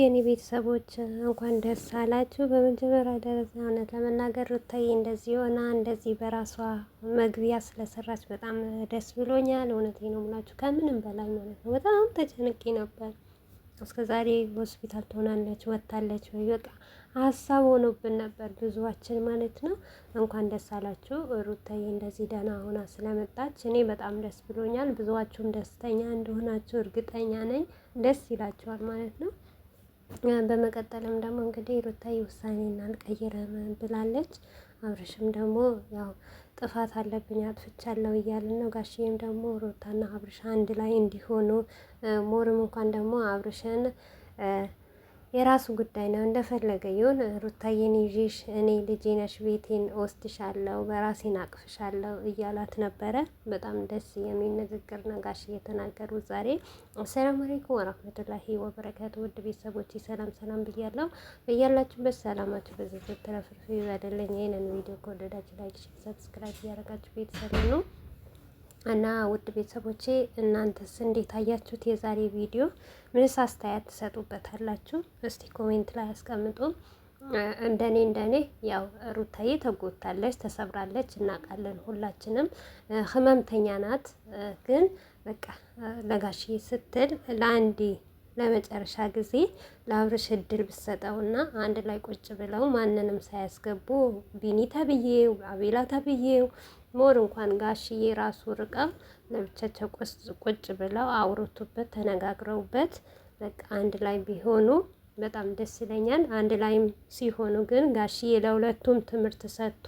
የኔ ቤተሰቦች እንኳን ደስ አላችሁ። በመጀመሪያ ደረጃ እውነት ለመናገር ሩታዬ እንደዚህ ሆና እንደዚህ በራሷ መግቢያ ስለሰራች በጣም ደስ ብሎኛል። እውነቴ ነው ምላችሁ ከምንም በላይ ማለት ነው። በጣም ተጨንቄ ነበር። እስከ ዛሬ ሆስፒታል ትሆናለች ወታለች ወይ በቃ ሀሳብ ሆኖብን ነበር ብዙዋችን ማለት ነው። እንኳን ደስ አላችሁ ሩታዬ እንደዚህ ደህና ሆና ስለመጣች እኔ በጣም ደስ ብሎኛል። ብዙዋችሁም ደስተኛ እንደሆናችሁ እርግጠኛ ነኝ። ደስ ይላችኋል ማለት ነው። በመቀጠልም ደግሞ እንግዲህ ሩታዬ ውሳኔን አልቀይርም ብላለች። አብርሽም ደግሞ ያው ጥፋት አለብኝ አጥፍቻለሁ እያለ ነው። ጋሽዬም ደግሞ ሩታና አብርሽ አንድ ላይ እንዲሆኑ ሞርም እንኳን ደግሞ አብርሽን የራሱ ጉዳይ ነው እንደፈለገ ይሁን። ሩታዬን ይዤሽ እኔ ልጄ ነሽ ቤቴን ወስድሻለሁ በራሴን አቅፍሻለሁ እያላት ነበረ። በጣም ደስ የሚል ንግግር ነው እየተናገሩ ዛሬ። አሰላሙ አለይኩም ወራህመቱላሂ ወበረካቱ። ውድ ቤተሰቦች ሰላም ሰላም ብያለሁ። በያላችሁበት ሰላማችሁ በዘዘት ተረፍርፍ ይበልልኝ። ይህንን ቪዲዮ ከወደዳችሁ ላይክ፣ ሰብስክራይብ እያደረጋችሁ ቤተሰብ ነው እና ውድ ቤተሰቦቼ እናንተስ እንዴት አያችሁት? የዛሬ ቪዲዮ ምንስ አስተያየት ትሰጡበታላችሁ? እስቲ ኮሜንት ላይ አስቀምጡ። እንደኔ እንደኔ ያው ሩታዬ ተጎድታለች፣ ተሰብራለች፣ እናውቃለን ሁላችንም። ህመምተኛ ናት። ግን በቃ ለጋሽ ስትል ለአንዴ ለመጨረሻ ጊዜ ለአብርሽ እድል ብሰጠውና አንድ ላይ ቁጭ ብለው ማንንም ሳያስገቡ ቢኒ ተብዬው አቤላ ተብዬው ሞር እንኳን ጋሽዬ ራሱ ርቀው ለብቻቸው ቁጭ ብለው አውርቱበት ተነጋግረውበት በቃ አንድ ላይ ቢሆኑ በጣም ደስ ይለኛል። አንድ ላይም ሲሆኑ ግን ጋሽዬ ለሁለቱም ትምህርት ሰጥቶ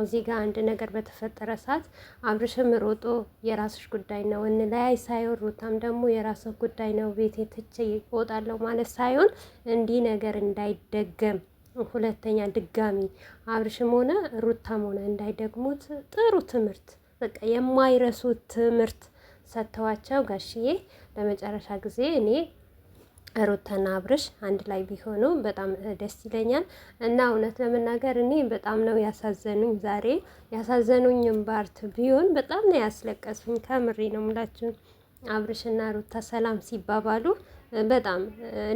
እዚህ ጋር አንድ ነገር በተፈጠረ ሰዓት አብርሽም ሮጦ የራስሽ ጉዳይ ነው እንለያይ ሳይሆን ሩታም ደግሞ የራስህ ጉዳይ ነው ቤቴ ትቼ እወጣለሁ ማለት ሳይሆን እንዲህ ነገር እንዳይደገም ሁለተኛ ድጋሚ አብርሽም ሆነ ሩታም ሆነ እንዳይደግሙት ጥሩ ትምህርት በቃ የማይረሱት ትምህርት ሰጥተዋቸው ጋሽዬ ለመጨረሻ ጊዜ እኔ ሩታና አብርሽ አንድ ላይ ቢሆኑ በጣም ደስ ይለኛል እና እውነት ለመናገር እኔ በጣም ነው ያሳዘኑኝ። ዛሬ ያሳዘኑኝ ባርት ቢሆን በጣም ነው ያስለቀሱኝ። ከምሬ ነው የምላችሁ። አብርሽና ሩታ ሰላም ሲባባሉ በጣም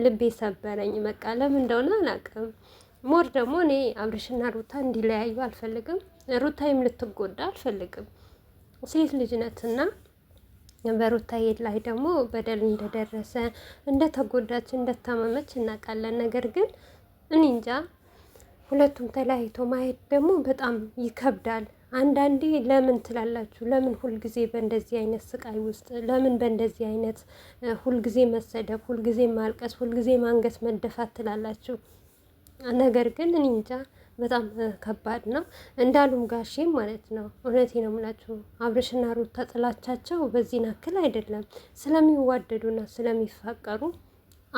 ልቤ ሰበረኝ። በቃ ለምን እንደሆነ አላውቅም። ሞር ደግሞ እኔ አብርሽና ሩታ እንዲለያዩ አልፈልግም። ሩታይም ልትጎዳ አልፈልግም። ሴት ልጅነትና በሩታዬ ላይ ደግሞ በደል እንደደረሰ እንደተጎዳች እንደታመመች እናውቃለን። ነገር ግን እኔ እንጃ ሁለቱም ተለያይቶ ማየት ደግሞ በጣም ይከብዳል። አንዳንዴ ለምን ትላላችሁ? ለምን ሁልጊዜ በእንደዚህ አይነት ስቃይ ውስጥ ለምን በእንደዚህ አይነት ሁልጊዜ መሰደብ፣ ሁልጊዜ ማልቀስ፣ ሁልጊዜ ማንገት መደፋት ትላላችሁ? ነገር ግን እኔ እንጃ በጣም ከባድ ነው። እንዳሉም ጋሼም ማለት ነው እውነቴ ነው የምላችሁ አብርሽና ሩታ ጥላቻቸው በዚህን ያክል አይደለም። ስለሚዋደዱና ስለሚፋቀሩ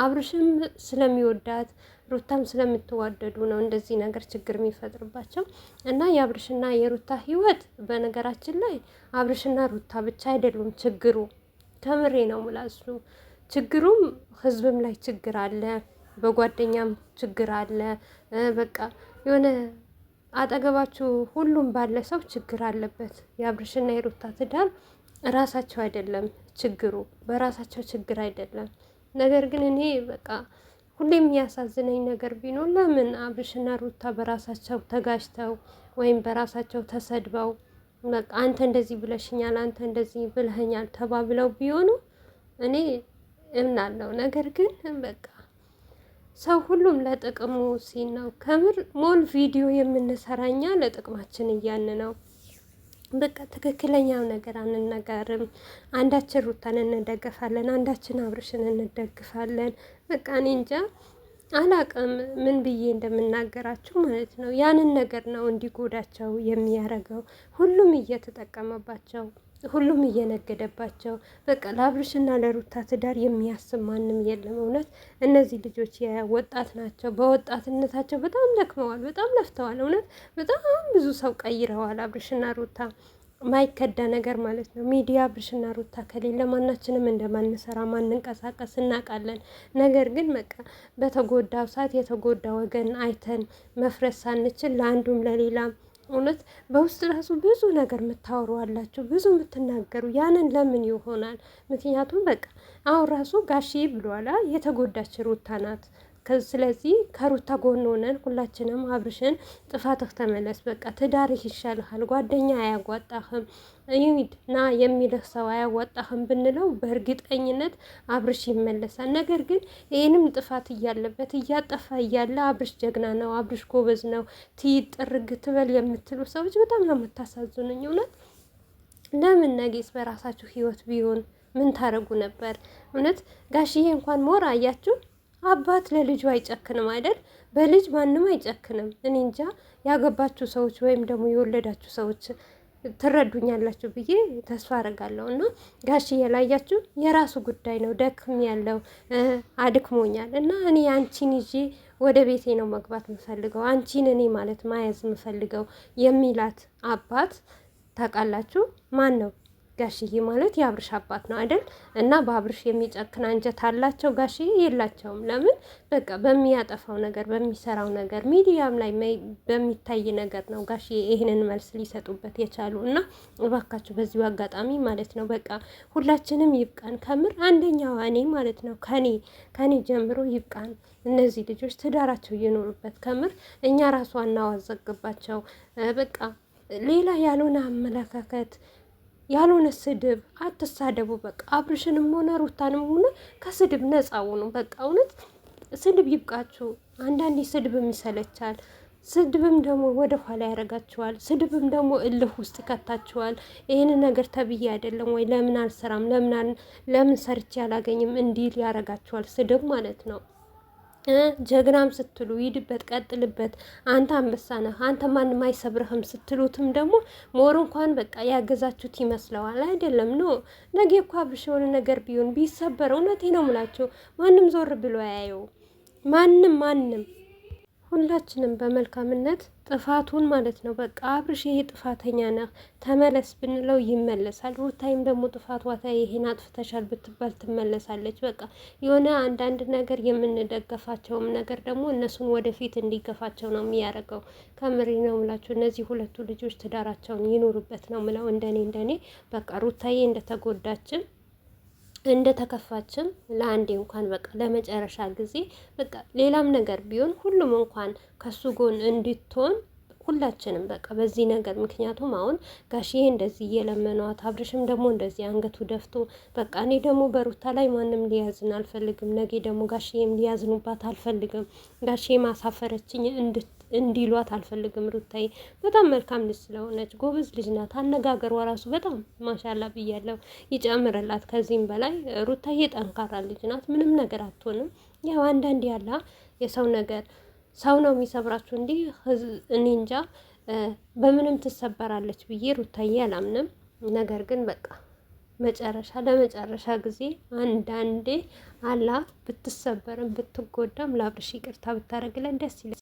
አብርሽም ስለሚወዳት ሩታም ስለምትዋደዱ ነው እንደዚህ ነገር ችግር የሚፈጥርባቸው እና የአብርሽና የሩታ ህይወት በነገራችን ላይ አብርሽና ሩታ ብቻ አይደሉም ችግሩ። ከምሬ ነው ምላሱ ችግሩም ህዝብም ላይ ችግር አለ፣ በጓደኛም ችግር አለ። በቃ የሆነ አጠገባችሁ ሁሉም ባለ ሰው ችግር አለበት። የአብርሽና የሩታ ትዳር ራሳቸው አይደለም ችግሩ፣ በራሳቸው ችግር አይደለም። ነገር ግን እኔ በቃ ሁሌም የሚያሳዝነኝ ነገር ቢኖር ለምን አብርሽና ሩታ በራሳቸው ተጋጅተው ወይም በራሳቸው ተሰድበው በቃ አንተ እንደዚህ ብለሽኛል፣ አንተ እንደዚህ ብለኸኛል ተባብለው ቢሆኑ እኔ እምናለው። ነገር ግን በቃ ሰው ሁሉም ለጥቅሙ ሲል ነው። ከምር ሞል ቪዲዮ የምንሰራኛ ለጥቅማችን እያን ነው። በቃ ትክክለኛው ነገር አንነጋርም። አንዳችን ሩታን እንደገፋለን፣ አንዳችን አብርሽን እንደግፋለን። በቃ እኔ እንጃ አላቅም ምን ብዬ እንደምናገራችሁ ማለት ነው። ያንን ነገር ነው እንዲጎዳቸው የሚያደርገው ሁሉም እየተጠቀመባቸው ሁሉም እየነገደባቸው በቃ ለአብርሽና ለሩታ ትዳር የሚያስብ ማንም የለም። እውነት እነዚህ ልጆች የወጣት ናቸው። በወጣትነታቸው በጣም ደክመዋል፣ በጣም ለፍተዋል። እውነት በጣም ብዙ ሰው ቀይረዋል አብርሽና ሩታ ማይከዳ ነገር ማለት ነው። ሚዲያ አብርሽና ሩታ ከሌለ ማናችንም እንደማንሰራ ማንንቀሳቀስ እናውቃለን። ነገር ግን በቃ በተጎዳው ሰዓት የተጎዳ ወገን አይተን መፍረስ ሳንችል ለአንዱም ለሌላም እውነት በውስጥ ራሱ ብዙ ነገር የምታወሩ አላቸው፣ ብዙ የምትናገሩ ያንን ለምን ይሆናል? ምክንያቱም በቃ አሁን ራሱ ጋሼ ብሏላ የተጎዳች ሩታ ናት ስለዚህ ከሩታ ጎን ሆነን ሁላችንም አብርሽን ጥፋትህ ተመለስ፣ በቃ ትዳርህ ይሻልሃል፣ ጓደኛ አያዋጣህም፣ ይሂድ ና የሚልህ ሰው አያዋጣህም ብንለው በእርግጠኝነት አብርሽ ይመለሳል። ነገር ግን ይህንም ጥፋት እያለበት እያጠፋ እያለ አብርሽ ጀግና ነው፣ አብርሽ ጎበዝ ነው፣ ትይት ጥርግ ትበል የምትሉ ሰዎች በጣም ነው የምታሳዝኑኝ። እውነት ለምን ነጌስ በራሳችሁ ህይወት ቢሆን ምን ታደርጉ ነበር? እውነት ጋሽዬ እንኳን ሞር አያችሁ አባት ለልጁ አይጨክንም አይደል? በልጅ ማንም አይጨክንም። እኔ እንጃ ያገባችሁ ሰዎች ወይም ደግሞ የወለዳችሁ ሰዎች ትረዱኛላችሁ ብዬ ተስፋ አደርጋለሁ። እና ጋሽዬ ላያችሁ የራሱ ጉዳይ ነው። ደክም ያለው አድክሞኛል እና እኔ አንቺን ይዤ ወደ ቤቴ ነው መግባት የምፈልገው፣ አንቺን እኔ ማለት ማያዝ የምፈልገው የሚላት አባት ታውቃላችሁ ማን ነው? ጋሽዬ ማለት የአብርሽ አባት ነው አይደል? እና በአብርሽ የሚጨክን አንጀት አላቸው ጋሽዬ? የላቸውም። ለምን በቃ በሚያጠፋው ነገር፣ በሚሰራው ነገር፣ ሚዲያም ላይ በሚታይ ነገር ነው ጋሽዬ ይህንን መልስ ሊሰጡበት የቻሉ እና እባካችሁ በዚሁ አጋጣሚ ማለት ነው በቃ ሁላችንም ይብቃን። ከምር አንደኛዋ እኔ ማለት ነው ከኔ ከኔ ጀምሮ ይብቃን። እነዚህ ልጆች ትዳራቸው እየኖሩበት ከምር እኛ ራሷ እናዋዘግባቸው በቃ ሌላ ያልሆነ አመለካከት ያልሆነ ስድብ አትሳደቡ። በቃ አብርሽንም ሆነ ሩታንም ሆነ ከስድብ ነጻ ሆኑ። በቃ እውነት ስድብ ይብቃችሁ። አንዳንዴ ስድብም ይሰለቻል። ስድብም ደግሞ ወደ ኋላ ያደርጋችኋል። ስድብም ደግሞ እልህ ውስጥ ይከታችኋል። ይህንን ነገር ተብዬ አይደለም ወይ ለምን አልሰራም፣ ለምን ሰርቼ አላገኝም እንዲል ያደርጋችኋል። ስድብ ማለት ነው። ጀግናም ስትሉ ይድበት፣ ቀጥልበት፣ አንተ አንበሳ ነህ፣ አንተ ማንም አይሰብርህም ስትሉትም ደግሞ ሞር እንኳን በቃ ያገዛችሁት ይመስለዋል። አይደለም ኖ ነገ እኮ አብርሽ የሆነ ነገር ቢሆን ቢሰበር፣ እውነቴ ነው የምላችሁ ማንም ዞር ብሎ ያየው ማንም ማንም ሁላችንም በመልካምነት ጥፋቱን ማለት ነው። በቃ አብርሽ ይሄ ጥፋተኛ ነህ ተመለስ ብንለው ይመለሳል። ሩታይም ደግሞ ጥፋት ዋታ ይሄን አጥፍተሻል ብትባል ትመለሳለች። በቃ የሆነ አንዳንድ ነገር የምንደገፋቸውም ነገር ደግሞ እነሱን ወደፊት እንዲገፋቸው ነው የሚያደርገው። ከምሬ ነው ምላቸው። እነዚህ ሁለቱ ልጆች ትዳራቸውን ይኖሩበት ነው ምለው እንደኔ እንደኔ በቃ ሩታዬ እንደተጎዳችም እንደ ተከፋችም ለአንዴ እንኳን በቃ ለመጨረሻ ጊዜ በቃ ሌላም ነገር ቢሆን ሁሉም እንኳን ከሱ ጎን እንድትሆን ሁላችንም በቃ በዚህ ነገር ምክንያቱም አሁን ጋሽዬ እንደዚህ እየለመኗት አብርሽም ደግሞ እንደዚህ አንገቱ ደፍቶ በቃ እኔ ደግሞ በሩታ ላይ ማንም ሊያዝን አልፈልግም። ነገ ደግሞ ጋሽዬም ሊያዝኑባት አልፈልግም። ጋሽዬ ማሳፈረችኝ እንድት እንዲሏት አልፈልግም። ሩታዬ በጣም መልካም ልጅ ስለሆነች ጎበዝ ልጅ ናት። አነጋገሯ ራሱ በጣም ማሻላ ብያለው፣ ይጨምርላት። ከዚህም በላይ ሩታዬ ጠንካራ ልጅ ናት። ምንም ነገር አትሆንም። ያው አንዳንድ ያላ የሰው ነገር ሰው ነው የሚሰብራችሁ እንዲህ እኔ እንጃ በምንም ትሰበራለች ብዬ ሩታዬ አላምንም። ነገር ግን በቃ መጨረሻ ለመጨረሻ ጊዜ አንዳንዴ አላ ብትሰበርም ብትጎዳም ለአብርሽ ይቅርታ ብታደርግለን ደስ ይላል።